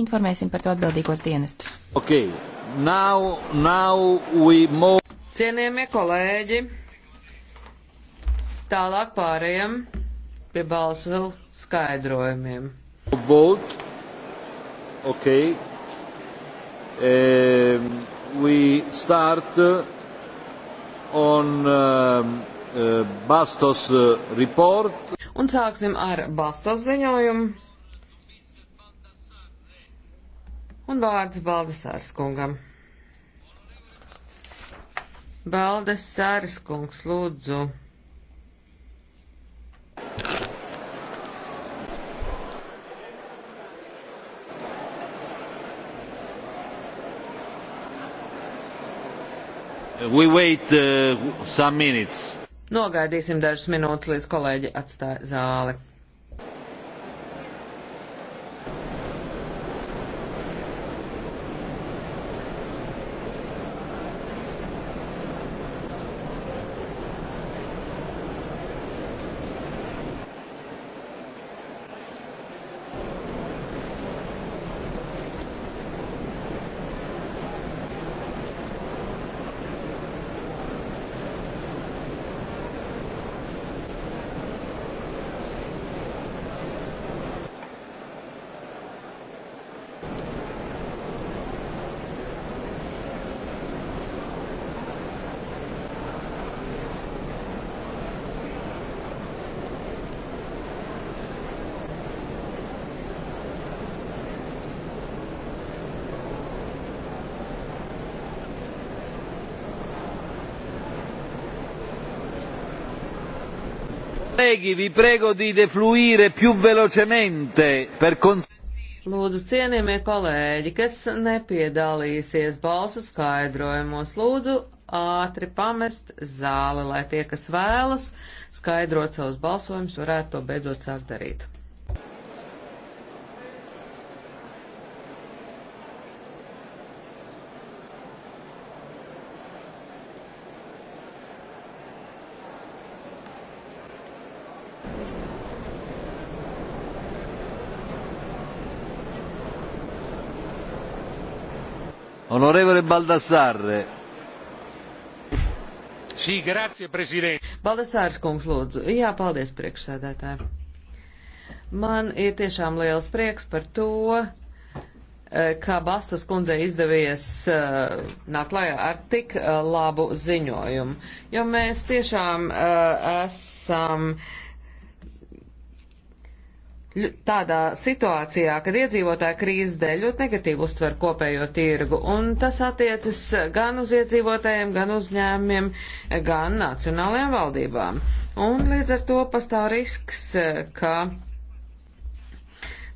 Informēsim par to atbildīgos dienestus. Okay. Now, now move... Cienījamie kolēģi, tālāk pārējiem pie balsu skaidrojumiem. Vote. Okay. Um, we start uh, on um, uh, Bastos uh, report. Un sāksim ar Bastos ziņojumu. Un vārds Baldasārs kungam. Baldasārs kungs, lūdzu. We wait uh, some minutes. Nogaidīsim dažas minūtes, līdz kolēģi atstāja zāli. Kolēģi, vi prego di defluire più velocemente per consentire. Lūdzu, cienījamie kolēģi, kas nepiedalīsies balsu skaidrojumos, lūdzu ātri pamest zāli, lai tie, kas vēlas skaidrot savus balsojumus, varētu to beidzot sākt darīt. Onorevole Baldassarre. Sī, sí, grazie, prezident. Baldassārs kungs, lūdzu. Jā, paldies, priekšsēdētāji. Man ir tiešām liels prieks par to, eh, ka Bastas kundzei izdevies uh, nākt lajā ar tik uh, labu ziņojumu, jo mēs tiešām uh, esam tādā situācijā, kad iedzīvotāja krīzes dēļ ļoti negatīvi uztver kopējo tirgu, un tas attiecas gan uz iedzīvotājiem, gan uzņēmumiem, gan nacionālajām valdībām. Un līdz ar to pastāv risks, ka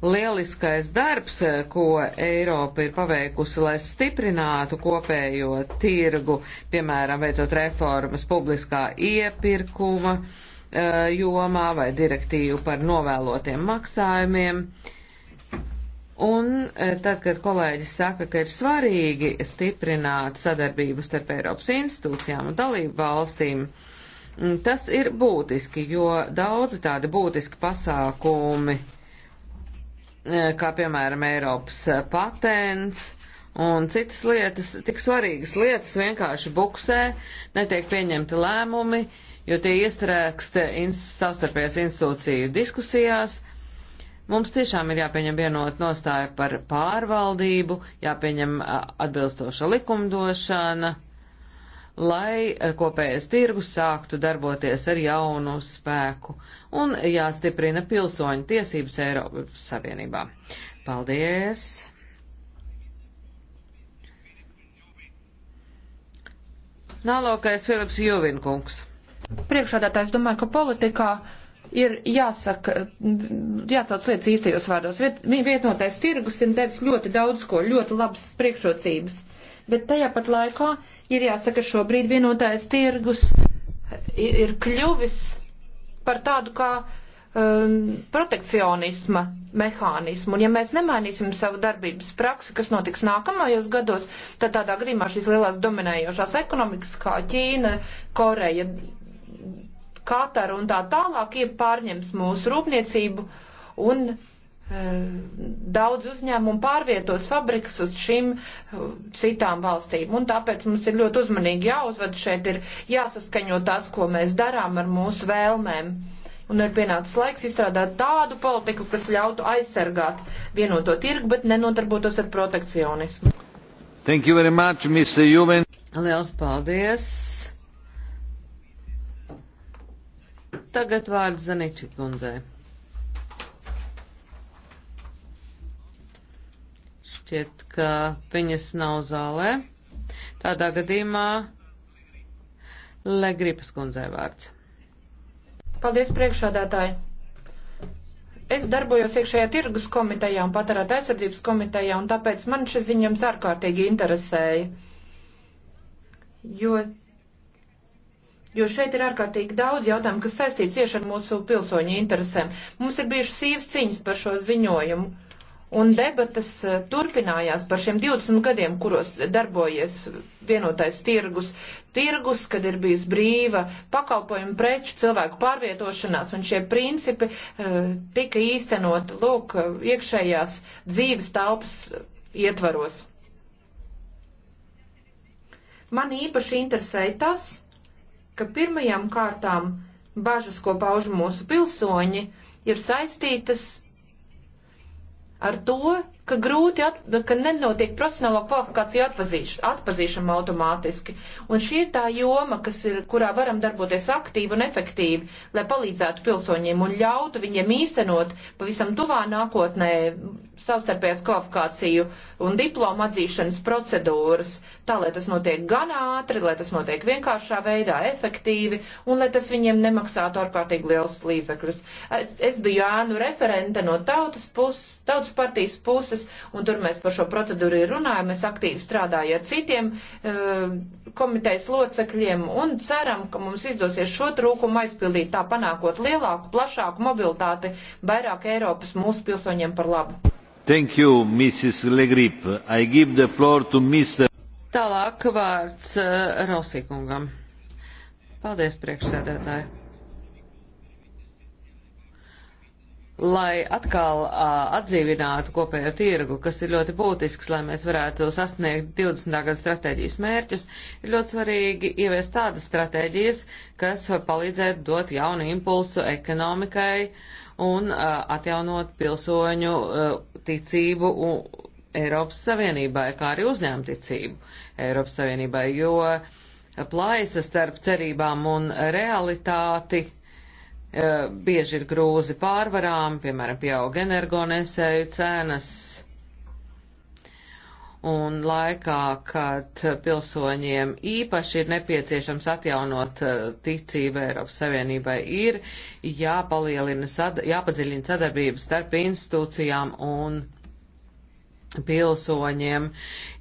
lieliskais darbs, ko Eiropa ir paveikusi, lai stiprinātu kopējo tirgu, piemēram, veicot reformas publiskā iepirkuma, uh, E, jomā vai direktīvu par novēlotiem maksājumiem. Un e, tad, kad kolēģis saka, ka ir svarīgi stiprināt sadarbību starp Eiropas institūcijām un dalību valstīm, tas ir būtiski, jo daudzi tādi būtiski pasākumi, e, kā piemēram Eiropas patents, un citas lietas, tik svarīgas lietas vienkārši buksē, netiek pieņemti lēmumi, uh, jo tie iestrēgst ins, savstarpējās institūciju diskusijās. Mums tiešām ir jāpieņem vienot nostāja par pārvaldību, jāpieņem atbilstoša likumdošana, lai kopējais tirgus sāktu darboties ar jaunu spēku un jāstiprina pilsoņu tiesības Eiropas Savienībā. Paldies! Nālokais Filips Jovinkungs. Priekšādātājs domāju, ka politikā ir jāsaka, jāsauc lietas īstajos vārdos. Viet, vietnotais tirgus ir devis ļoti daudz ko, ļoti labas priekšrocības. Bet tajā pat laikā ir jāsaka, šobrīd vienotais tirgus ir kļuvis par tādu kā um, protekcionisma mehānismu. Un ja mēs nemainīsim savu darbības praksi, kas notiks nākamajos gados, tad tādā gadījumā šīs lielās dominējošās ekonomikas kā Ķīna, Koreja, Kataru un tā tālāk pārņems mūsu rūpniecību un e, daudz uzņēmumu pārvietos fabrikas uz šīm e, citām valstīm. Un tāpēc mums ir ļoti uzmanīgi jāuzved šeit, ir jāsaskaņo tas, ko mēs darām ar mūsu vēlmēm. Un ir pienācis laiks izstrādāt tādu politiku, kas ļautu aizsargāt vienoto tirgu, bet nenotarbotos ar protekcionismu. Thank you very much, Mr. Juven. Liels paldies. Tagad vārds Zaniči kundzei. šķiet, ka viņas nav zālē. Tādā gadījumā Legripas kundzē vārds. Paldies priekšādātāji! Es darbojos iekšējā tirgus komitejā un patērētā aizsardzības komitejā, un tāpēc man šis ziņams ārkārtīgi interesēja. Jo jo šeit ir ārkārtīgi daudz jautājumu, kas saistīts tieši ar mūsu pilsoņu interesēm. Mums ir bijušas sīvas ciņas par šo ziņojumu. Un debatas eh, turpinājās par šiem 20 gadiem, kuros darbojies vienotais tirgus. Tirgus, kad ir bijusi brīva pakalpojumu preču, cilvēku pārvietošanās, un šie principi uh, tika īstenot, lūk, iekšējās dzīves telpas ietvaros. Man īpaši interesēja tas, ka pirmajām kārtām bažas, ko pauž mūsu pilsoņi, ir saistītas ar to, ka grūti, at, ka nenotiek profesionālo kvalifikāciju atpazīš, atpazīšana automātiski. Un šī ir tā joma, kas ir, kurā varam darboties aktīvi un efektīvi, lai palīdzētu pilsoņiem un ļautu viņiem īstenot pavisam tuvā nākotnē savstarpējās kvalifikāciju un diplomu atzīšanas procedūras, tā lai tas notiek gan ātri, lai tas notiek vienkāršā veidā, efektīvi un lai tas viņiem nemaksātu ārkārtīgi liels līdzekļus. Es, es biju ēnu referente no tautas, puses, tautas partijas puses, un tur mēs par šo procedūru runājam, es aktīvi strādāju ar citiem e, komitejas locekļiem un ceram, ka mums izdosies šo trūkumu aizpildīt tā panākot lielāku, plašāku mobilitāti vairāk Eiropas mūsu pilsoņiem par labu. Thank you, Mrs. Legrip. I give the floor to Mr. Tālāk vārds uh, Rosīkungam. Paldies, priekšsēdētāji. Lai atkal uh, atdzīvinātu kopējo tirgu, kas ir ļoti būtisks, lai mēs varētu sasniegt 20. gada stratēģijas mērķus, ir ļoti svarīgi ieviest tādas stratēģijas, kas var palīdzēt dot jaunu impulsu ekonomikai uh, un uh, atjaunot pilsoņu uh, ticību un Eiropas Savienībai, kā arī uzņēmu ticību Eiropas Savienībai, jo plaisa starp cerībām un realitāti uh, bieži ir grūzi pārvarām, piemēram, pieaug energonesēju cenas un laikā, kad pilsoņiem īpaši ir nepieciešams atjaunot eh, ticību Eiropas Savienībai, ir jāpalielina, sad, jāpadziļina sadarbības starp institūcijām un pilsoņiem,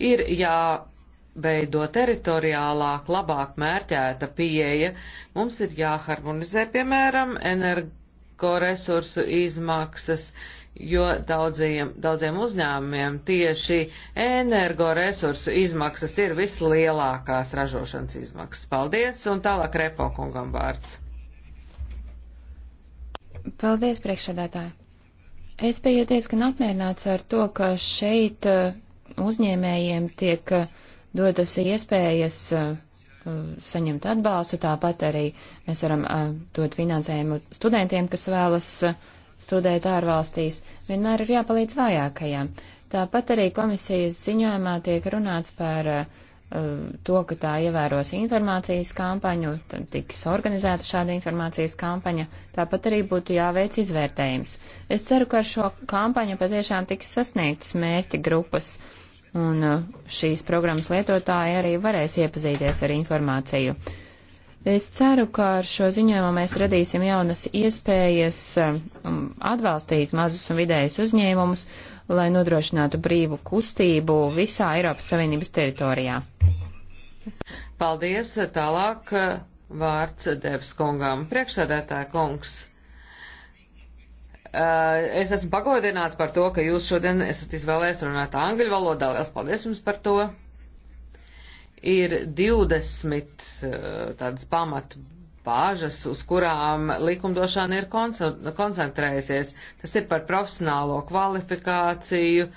ir jāveido teritoriālāk, labāk mērķēta pieeja, mums ir jāharmonizē, piemēram, energoresursu izmaksas, uh, jo daudziem, daudziem uzņēmumiem tieši energoresursu izmaksas ir vislielākās ražošanas izmaksas. Paldies, un tālāk Repo kungam vārds. Paldies, priekšsēdētāji. Es biju diezgan apmierināts ar to, ka šeit uh, uzņēmējiem tiek uh, dotas iespējas uh, saņemt atbalstu, tāpat arī mēs varam dot finansējumu studentiem, kas vēlas uh, studēt ārvalstīs, vienmēr ir jāpalīdz vājākajām. Tāpat arī komisijas ziņojumā tiek runāts par uh, to, ka tā ievēros informācijas kampaņu, tiks organizēta šāda informācijas kampaņa, tāpat arī būtu jāveic izvērtējums. Es ceru, ka ar šo kampaņu patiešām tiks sasniegts mērķi grupas, un uh, šīs programmas lietotāji arī varēs iepazīties ar informāciju. Uh, Es ceru, ka ar šo ziņojumu mēs radīsim jaunas iespējas um, um, atbalstīt mazus un vidējus uzņēmumus, lai nodrošinātu brīvu kustību visā Eiropas Savienības teritorijā. Paldies! Tālāk uh, vārds Devs kungām. Priekšsēdētāja kungs. Uh, es esmu pagodināts par to, ka jūs šodien esat izvēlējis runāt angļu valodā. Lielas paldies jums par to! ir 20 eh, tādas pamatu bāžas, uz kurām likumdošana ir koncentrējusies. Tas ir par profesionālo kvalifikāciju,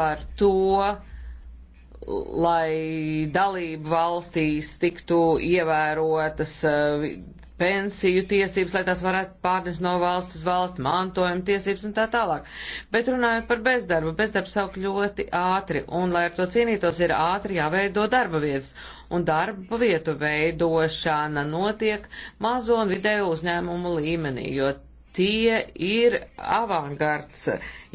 par to, lai dalību valstīs tiktu ievērotas eh, pensiju tiesības, lai tās varētu pārnest no valsts uz valsts, mantojuma tiesības un tā tālāk. Bet runājot par bezdarbu, bezdarbs aug ļoti ātri, un lai ar to cīnītos, ir ātri jāveido darba vietas. Un darba vietu veidošana notiek mazo un vidēju uzņēmumu līmenī, jo tie ir avangards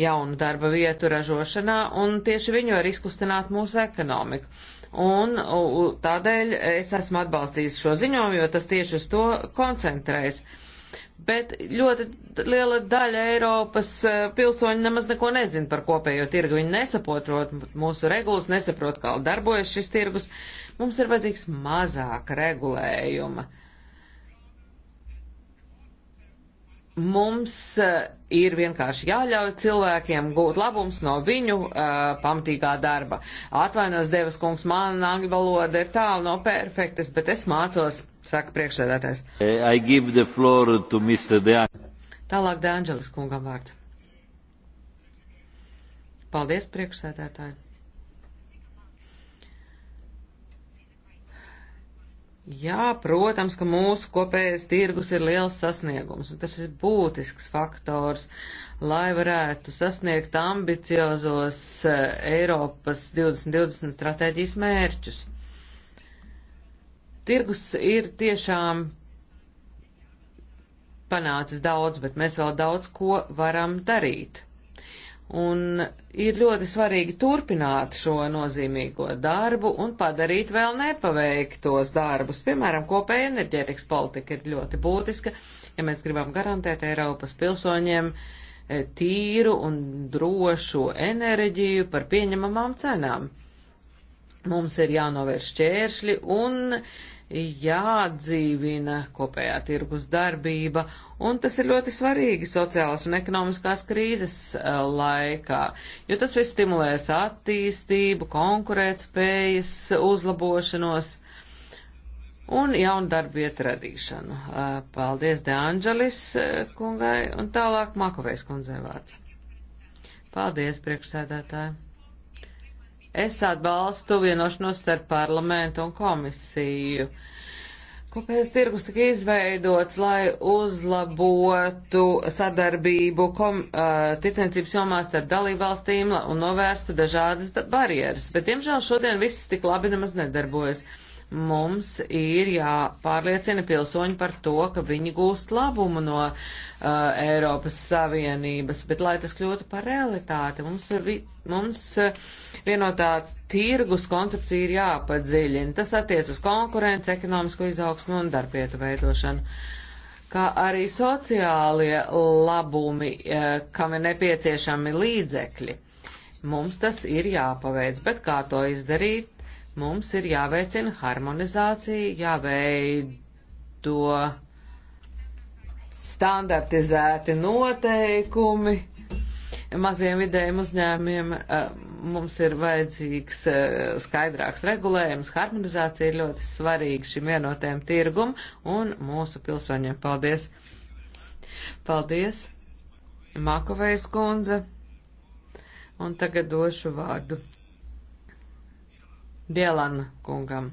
jaunu darba vietu ražošanā, un tieši viņu var izkustināt mūsu ekonomiku. Un tādēļ es esmu atbalstījis šo ziņojumu, jo tas tieši uz to koncentrējas. Bet ļoti liela daļa Eiropas e, pilsoņu nemaz neko nezina par kopējo tirgu. Viņi nesaprot mūsu regulas, nesaprot, kā darbojas šis tirgus. Mums ir vajadzīgs mazāk regulējuma. Uh, Mums eh, ir vienkārši jāļauj cilvēkiem gūt labums no viņu uh, pamatīgā darba. Atvainos, Devas kungs, man angļu valoda ir tālu no perfektas, bet es mācos, saka priekšsēdētājs. Eh, Tālāk Dēnģelis kungam vārds. Paldies, priekšsēdētāji. Jā, protams, ka mūsu kopējais tirgus ir liels sasniegums, un tas ir būtisks faktors, lai varētu sasniegt ambiciozos e, Eiropas 2020 stratēģijas mērķus. Tirgus ir tiešām panācis daudz, bet mēs vēl daudz ko varam darīt. Un ir ļoti svarīgi turpināt šo nozīmīgo darbu un padarīt vēl nepaveiktos darbus. Piemēram, kopēja enerģētikas politika ir ļoti būtiska, ja mēs gribam garantēt Eiropas pilsoņiem e, tīru un drošu enerģiju par pieņemamām cenām. Mums ir jānovērš šķēršļi un jāatdzīvina kopējā tirgus darbība, un tas ir ļoti svarīgi sociālas un ekonomiskās krīzes laikā, jo tas viss stimulēs attīstību, konkurētspējas uzlabošanos un jaunu darbietu radīšanu. Paldies De Angelis kungai un tālāk Makovejs kundzei vārds. Paldies, priekšsēdētāji! Es atbalstu vienošanos starp parlamentu un komisiju. Kopējais tirgus tika izveidots, lai uzlabotu sadarbību kom, uh, tirdzniecības jomā starp dalībvalstīm un novērstu dažādas barjeras, bet, diemžēl, šodien viss tik labi nemaz nedarbojas. Uh, Mums ir jāpārliecina pilsoņi par to, ka viņi gūst labumu no uh, Eiropas Savienības, bet lai tas kļūtu par realitāti, mums, vi, mums uh, vienotā tirgus koncepcija ir jāpadziļina. Tas attiec uz konkurenci, ekonomisko izaugsmu un darbietu veidošanu kā arī sociālie labumi, uh, kam ir nepieciešami līdzekļi. Mums tas ir jāpaveic, bet kā to izdarīt, Mums ir jāveicina harmonizācija, jāveido standartizēti noteikumi maziem vidējiem uzņēmiem eh, mums ir vajadzīgs eh, skaidrāks regulējums, harmonizācija ir ļoti svarīga šim vienotajam tirgum un mūsu pilsoņiem. Paldies! Paldies, Makovejs kundze! Un tagad došu vārdu Bielan kungam.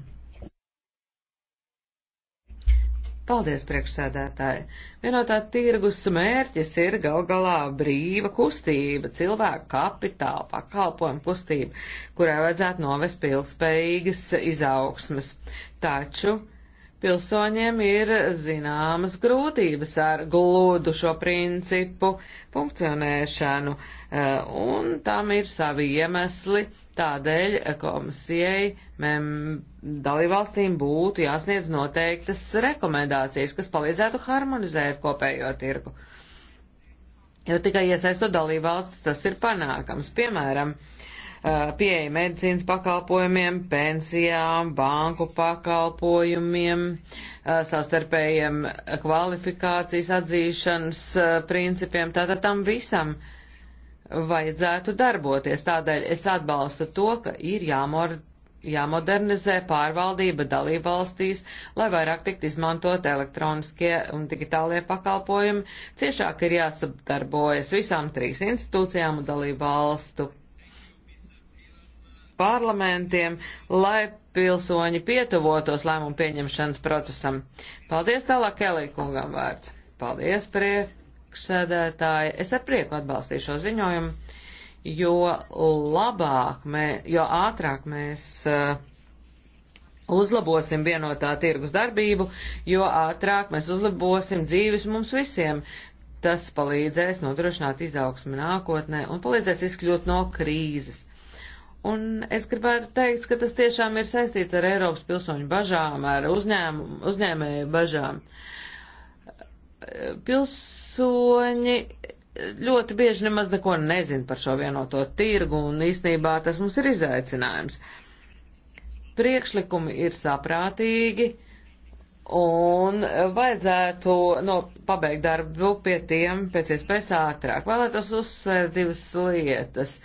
Paldies, priekšsēdētāji! Vienotā tirgus mērķis ir gal galā brīva kustība, cilvēku kapitāla, pakalpojumu kustība, kurai vajadzētu novest pilnspējīgas izaugsmas. Taču pilsoņiem ir zināmas grūtības ar glūdu šo principu funkcionēšanu, eh, un tam ir savi iemesli Tādēļ komisijai dalībvalstīm būtu jāsniedz noteiktas rekomendācijas, kas palīdzētu harmonizēt kopējo tirgu. Jo tikai iesaistot dalībvalstis tas ir panākams. Piemēram, pieeja medicīnas pakalpojumiem, pensijām, banku pakalpojumiem, sastarpējiem kvalifikācijas atzīšanas principiem, tātad tam visam. Uh, vajadzētu darboties. Tādēļ es atbalstu to, ka ir jāmor, jāmodernizē pārvaldība dalībvalstīs, lai vairāk tikt izmantot elektroniskie un digitālie pakalpojumi. Ciešāk ir jāsadarbojas visām trīs institūcijām un dalībvalstu parlamentiem, lai pilsoņi pietuvotos lēmumu pieņemšanas procesam. Paldies tālāk Elī kungam vārds. Paldies, prieks! priekšsēdētāji, es ar prieku atbalstīšu šo ziņojumu, jo labāk, mē, jo ātrāk mēs uh, uzlabosim vienotā tirgus darbību, jo ātrāk mēs uzlabosim dzīves mums visiem. Tas palīdzēs nodrošināt izaugsmi nākotnē un palīdzēs izkļūt no krīzes. Un es gribētu teikt, ka tas tiešām ir saistīts ar Eiropas pilsoņu bažām, ar uzņēm, uzņēmēju bažām. Pils, pilsoņi ļoti bieži nemaz neko nezin par šo vienoto tirgu, un īsnībā tas mums ir izaicinājums. Priekšlikumi ir saprātīgi, un vajadzētu no, nu, pabeigt darbu pie tiem pēc iespējas ātrāk. Vēlētos uzsvērt divas lietas.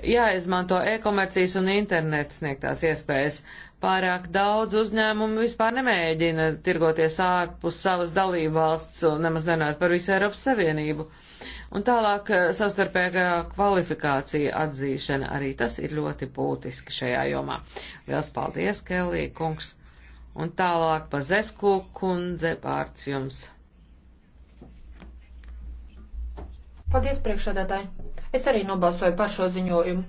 Jāizmanto e-komercijas un internets sniegtās iespējas Pārāk daudz uzņēmumu vispār nemēģina tirgoties ārpus savas dalībvalsts, nemaz nerunājot par visu Eiropas Savienību. Un tālāk eh, savstarpējā kvalifikācija atzīšana arī tas ir ļoti būtiski šajā jomā. Liels paldies, Kelī kungs! Un tālāk pa Zesku kundze pārts jums. Paldies, priekšādātāji! Es arī nobalsoju par šo ziņojumu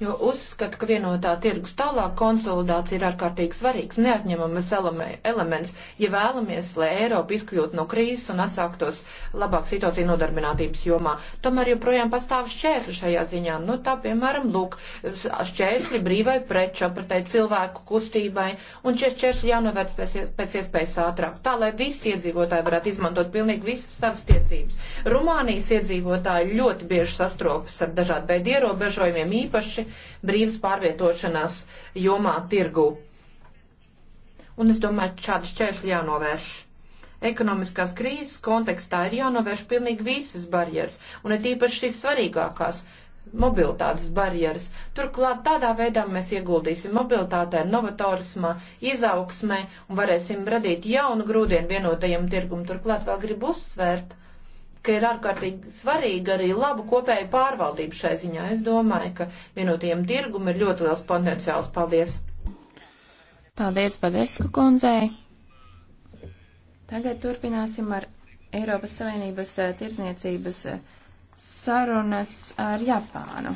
jo uzskatu, ka vienotā tirgus tālāk konsolidācija ir ārkārtīgi svarīgs, neatņemamas elements, ja vēlamies, lai Eiropa izkļūtu no krīzes un atsāktos labāk situācija nodarbinātības jomā. Tomēr joprojām pastāv šķēršļi šajā ziņā. Nu, tā, piemēram, lūk, šķēršļi brīvai preču apratai cilvēku kustībai, un šie šķēršļi jānovērts pēc, pēc iespējas ātrāk, tā, lai visi iedzīvotāji varētu izmantot pilnīgi visas savas tiesības. Rumānijas iedzīvotāji ļoti bieži sastropas ar dažādu veidu ierobežojumiem īpaši brīvas pārvietošanās jomā tirgu. Un es domāju, šādi šķēršļi jānovērš. Ekonomiskās krīzes kontekstā ir jānovērš pilnīgi visas barjeras, un ir tīpaši šīs svarīgākās mobilitātes barjeras. Turklāt tādā veidā mēs ieguldīsim mobilitātē, novatorismā, izaugsmē un varēsim radīt jaunu grūdienu vienotajam tirgum. Turklāt vēl gribu uzsvērt, ka ir ārkārtīgi svarīgi arī laba kopēja pārvaldība šai ziņā. Es domāju, ka vienotiem tirgum ir ļoti liels potenciāls. Paldies! Paldies, Badesku kundzei! Tagad turpināsim ar Eiropas Savienības eh, tirdzniecības eh, sarunas ar Japānu.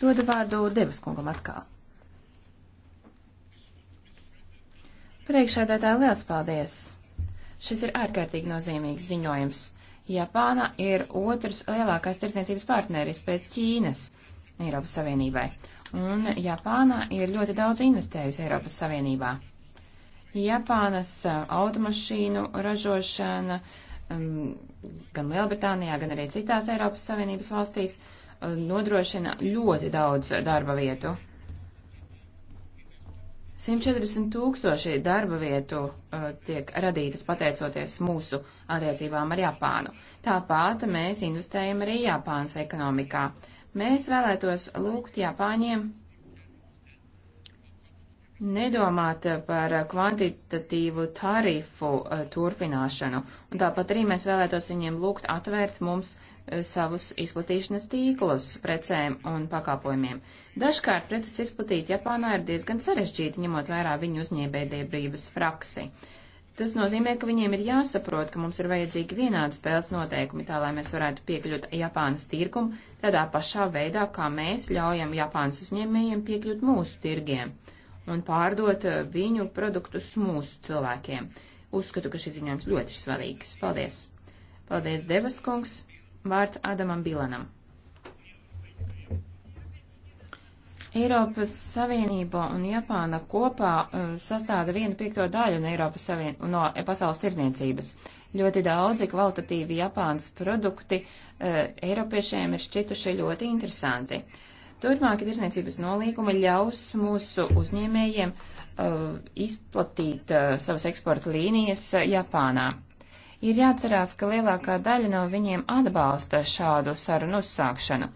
Dodu vārdu Devas kungam atkal. Priekšādētāji, liels paldies! Šis ir ārkārtīgi nozīmīgs ziņojums. Japāna ir otrs lielākais tirsniecības partneris pēc Ķīnas Eiropas Savienībai. Un Japāna ir ļoti daudz investējusi Eiropas Savienībā. Japānas uh, automašīnu ražošana um, gan Lielbritānijā, gan arī citās Eiropas Savienības valstīs uh, nodrošina ļoti daudz darba vietu. 140 tūkstoši darba vietu uh, tiek radītas pateicoties mūsu attiecībām ar Japānu. Tāpat mēs investējam arī Japānas ekonomikā. Mēs vēlētos lūgt Japāņiem nedomāt par kvantitatīvu tarifu uh, turpināšanu, un tāpat arī mēs vēlētos viņiem lūgt atvērt mums uh, savus izplatīšanas tīklus precēm un pakāpojumiem. Dažkārt preces izplatīt Japānā ir diezgan sarežģīti, ņemot vērā viņu uzņēmējdebrības praksi. Tas nozīmē, ka viņiem ir jāsaprot, ka mums ir vajadzīgi vienādi spēles noteikumi, tā lai mēs varētu piekļūt Japānas tirkumu tādā pašā veidā, kā mēs ļaujam Japānas uzņēmējiem piekļūt mūsu tirgiem un pārdot eh, viņu produktus mūsu cilvēkiem. Uzskatu, ka šis ziņojums ļoti svarīgs. Paldies! Paldies, Devas kungs! Vārds Ādamam Bilanam. Eiropas Savienība un Japāna kopā uh, sastāda vienu piekto daļu no, Eiropas Savien... no pasaules tirdzniecības. Ļoti daudzi kvalitatīvi Japānas produkti uh, Eiropiešiem ir šķituši ļoti interesanti. Turpmāki tirdzniecības nolīgumi ļaus mūsu uzņēmējiem uh, izplatīt uh, savas eksporta līnijas uh, Japānā. Ir jāatcerās, ka lielākā daļa no viņiem atbalsta šādu sarunu uzsākšanu.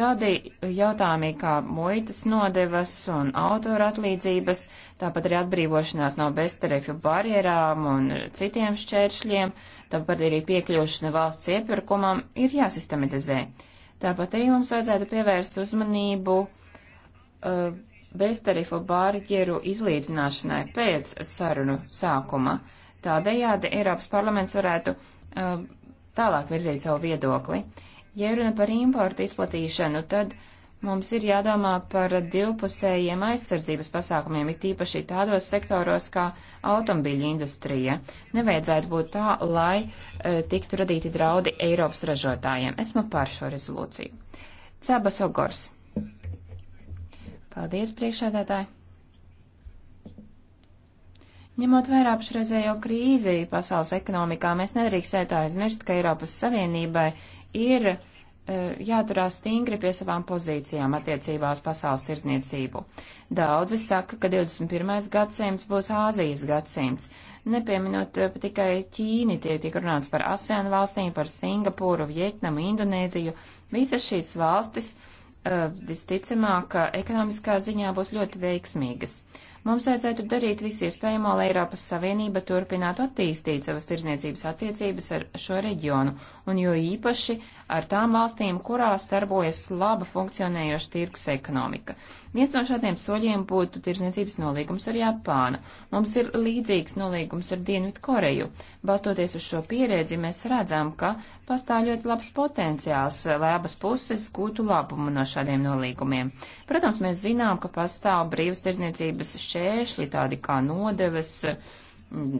Tādi jautājumi kā muitas nodevas un autora atlīdzības, tāpat arī atbrīvošanās no beztarifu barjerām un citiem šķēršļiem, tāpat arī piekļūšana valsts iepirkumam ir jāsistematizē. Tāpat arī mums vajadzētu pievērst uzmanību uh, beztarifu barjeru izlīdzināšanai pēc sarunu sākuma. Uh, Tādējādi Eiropas parlaments varētu uh, tālāk virzīt savu viedokli. Ja runa par importu izplatīšanu, tad mums ir jādomā par divpusējiem aizsardzības pasākumiem, it īpaši tādos sektoros kā automobīļu industrija. Nevajadzētu būt tā, lai uh, tiktu radīti draudi Eiropas ražotājiem. Esmu par šo rezolūciju. Cebas Ogors. Paldies, priekšādātāji! Ņemot vērā pašreizējo krīzi pasaules ekonomikā, mēs nedrīkstētu aizmirst, ka Eiropas Savienībai ir e, jāturās stingri pie savām pozīcijām attiecībā uz pasaules tirzniecību. Daudzi saka, ka 21. gadsimts būs Āzijas gadsimts. Nepieminot e, tikai Ķīni, tiek tiek runāts par ASEAN valstīm, par Singapūru, Vietnamu, Indonēziju. Visas šīs valstis e, visticamāk ekonomiskā ziņā būs ļoti veiksmīgas. Mums vajadzētu darīt visu iespējamo, lai Eiropas Savienība turpinātu attīstīt savas tirzniecības attiecības ar šo reģionu, un jo īpaši ar tām valstīm, kurās darbojas laba funkcionējoša tirkus ekonomika. Viens no šādiem soļiem būtu tirzniecības nolīgums ar Japānu. Mums ir līdzīgs nolīgums ar Dienvidu Koreju. Balstoties uz šo pieredzi, mēs redzam, ka pastāv ļoti labs potenciāls, lai abas puses gūtu labumu no šādiem nolīgumiem. Protams, mēs zinām, ka pastāv brīvas tirzniecības šķēršļi šķēršļi, tādi kā nodevas,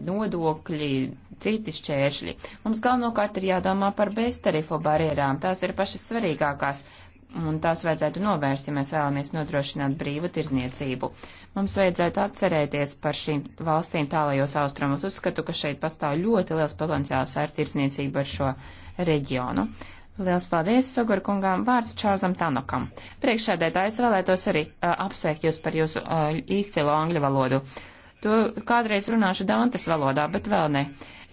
nodokļi, citi šķēršļi. Mums galvenokārt ir jādomā par beztarifu barjerām, tās ir pašas svarīgākās. Un tās vajadzētu novērst, ja mēs vēlamies nodrošināt brīvu tirzniecību. Mums vajadzētu atcerēties par šīm valstīm tālajos austrumos. Uzskatu, ka šeit pastāv ļoti liels potenciāls ar tirzniecību ar šo reģionu. Uh, Liels paldies, Sogur kungām, vārds Čārzam Tanokam. Priekšēdētājs vēlētos arī uh, apsveikt jūs par jūsu uh, īstilo angļu valodu. To kādreiz runāšu Dantes valodā, bet vēl ne.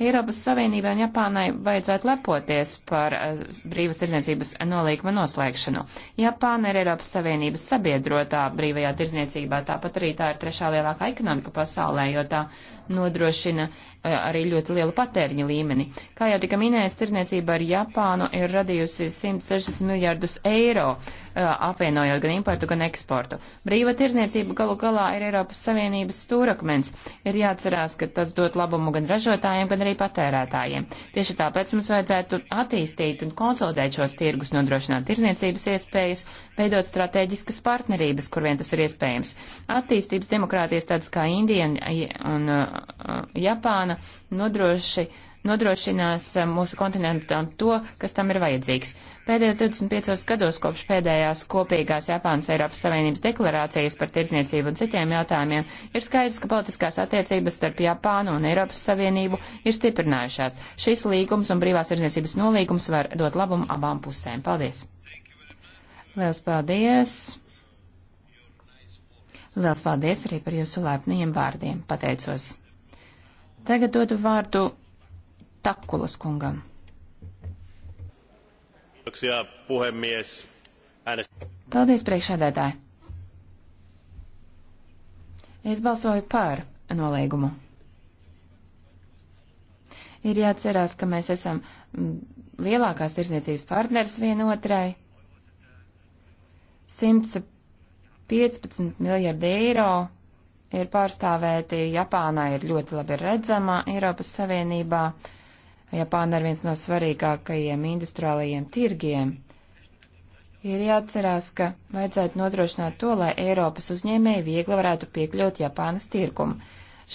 Eiropas Savienībai un Japānai vajadzētu lepoties par uh, brīvas tirdzniecības nolīguma noslēgšanu. Japāna ir Eiropas Savienības sabiedrotā brīvajā tirdzniecībā, tāpat arī tā ir trešā lielākā ekonomika pasaulē, jo tā nodrošina e, arī ļoti lielu patēriņa līmeni. Kā jau tika minēts, tirzniecība ar Japānu ir radījusi 160 miljārdus eiro, e, apvienojot gan importu, gan eksportu. Brīva tirzniecība galu galā ir Eiropas Savienības stūrakmens. Ir jāatcerās, ka tas dot labumu gan ražotājiem, gan arī patērētājiem. Tieši tāpēc mums vajadzētu attīstīt un konsolidēt šos tirgus, nodrošināt tirzniecības iespējas, veidot strateģiskas partnerības, kur vien tas ir iespējams. Attīstības demokrātijas tādas kā Indija un, un Japāna nodroši, nodrošinās eh, mūsu kontinentam to, kas tam ir vajadzīgs. Pēdējos 25 gados kopš pēdējās kopīgās Japānas Eiropas Savienības deklarācijas par tirdzniecību un citiem jautājumiem ir skaidrs, ka politiskās attiecības starp Japānu un Eiropas Savienību ir stiprinājušās. Šis līgums un brīvās tirdzniecības nolīgums var dot labumu abām pusēm. Paldies! Liels paldies! Liels paldies arī par jūsu laipniem vārdiem. Pateicos! Tagad dodu vārdu Takkulas kungam. Paldies, priekšādētāji. Es balsoju pār nolīgumu. Ir jāatcerās, ka mēs esam mm, lielākās tirzniecības partners vienotrai. 115 miljardi eiro ir pārstāvēti. Japānā ir ļoti labi redzama Eiropas Savienībā. Japāna ir viens no svarīgākajiem industriālajiem tirgiem. Ir jāatcerās, ka vajadzētu nodrošināt to, lai Eiropas uzņēmēji viegli varētu piekļūt Japānas tirkumu.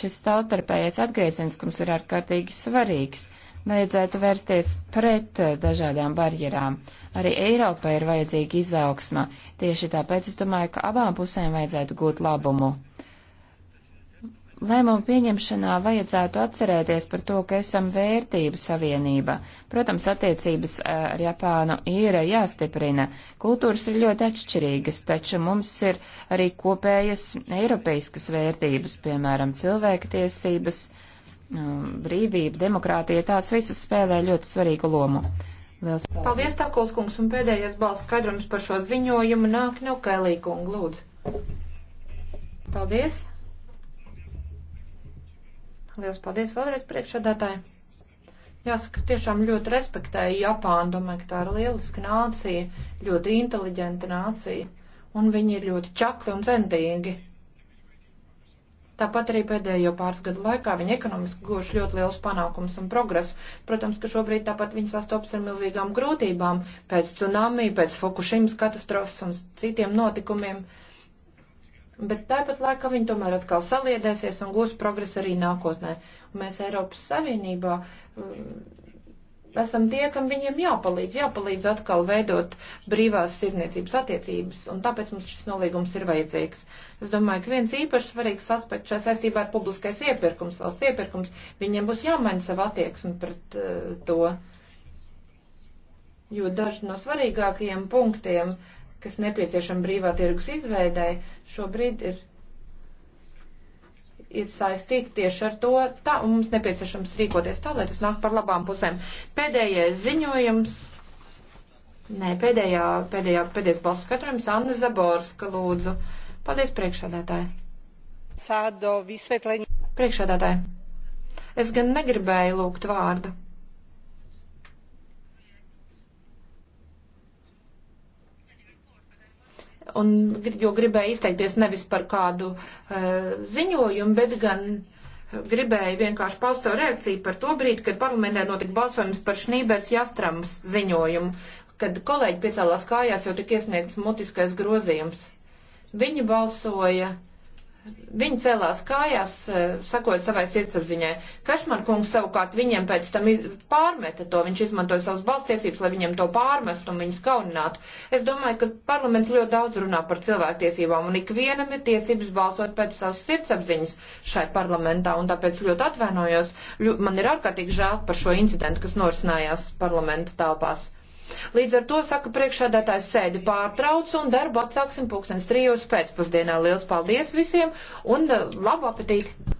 Šis savstarpējais atgriezieniskums ir ārkārtīgi svarīgs. Vajadzētu vērsties pret eh, dažādām barjerām. Arī Eiropai ir vajadzīga izaugsma. Tieši tāpēc es domāju, ka abām pusēm vajadzētu gūt labumu. Lēmumu pieņemšanā vajadzētu atcerēties par to, ka esam vērtību savienība. Protams, attiecības ar Japānu ir jāstiprina. Kultūras ir ļoti atšķirīgas, taču mums ir arī kopējas eiropeiskas vērtības, piemēram, cilvēktiesības, brīvība, demokrātija, tās visas spēlē ļoti svarīgu lomu. Liels paldies, paldies Takols kungs, un pēdējais balsts skaidrums par šo ziņojumu nāk Neukēlī kungu, lūdzu. Paldies! Liels paldies vēlreiz priekšsēdētāji. Jāsaka, tiešām ļoti respektēju Japānu. Domāju, ka tā ir lieliska nācija, ļoti inteliģenta nācija. Un viņi ir ļoti čakli un centīgi. Tāpat arī pēdējo pāris gadu laikā viņi ekonomiski guvuši ļoti liels panākums un progresu. Protams, ka šobrīd tāpat viņi sastopas ar milzīgām grūtībām pēc tsunami, pēc Fukushimas katastrofas un citiem notikumiem. Uh, bet tāpat laikā viņi tomēr atkal saliedēsies un gūs progresu arī nākotnē. Un mēs Eiropas Savienībā um, esam tie, kam viņiem jāpalīdz, jāpalīdz atkal veidot brīvās sirdniecības attiecības, un tāpēc mums šis nolīgums ir vajadzīgs. Es domāju, ka viens īpaši svarīgs aspekts šajā saistībā ir publiskais iepirkums, valsts iepirkums. Viņiem būs jāmaina sava attieksme pret uh, to, jo daži no svarīgākajiem punktiem uh, kas nepieciešama brīvā tirgus izveidai, šobrīd ir, ir saistīti tieši ar to, tā, un mums nepieciešams rīkoties tā, lai tas nāk par labām pusēm. Pēdējais ziņojums. Nē, pēdējā, pēdējā, pēdējais balss skatrojums Anna Zaborska lūdzu. Paldies priekšādātāji. Sādo visvetleņi. Priekšādātāji. Es gan negribēju lūgt vārdu. un, jo gribēju izteikties nevis par kādu uh, ziņojumu, bet gan eh, gribēju vienkārši paust savu reakciju par to brīdi, kad parlamentē notika balsojums par Šnībers Jastrams ziņojumu, kad kolēģi piecēlās kājās, jo tika iesniegts mutiskais grozījums. Viņi balsoja Viņi celās kājās, eh, sakot savai sirdsapziņai. Kašmar kungs savukārt viņiem pēc tam pārmeta to, viņš izmantoja savas balstiesības, lai viņiem to pārmestu un viņus kauninātu. Es domāju, ka parlaments ļoti daudz runā par cilvēktiesībām un ikvienam ir tiesības balsot pēc savas sirdsapziņas šai parlamentā un tāpēc ļoti atvainojos. Man ir ārkārtīgi žēl par šo incidentu, kas norisinājās parlamenta telpās. Līdz ar to saka priekšādātājs sēdi pārtrauc un darbu atsāksim pulkstens trijos pēcpusdienā. Liels paldies visiem un eh, labu apetīti!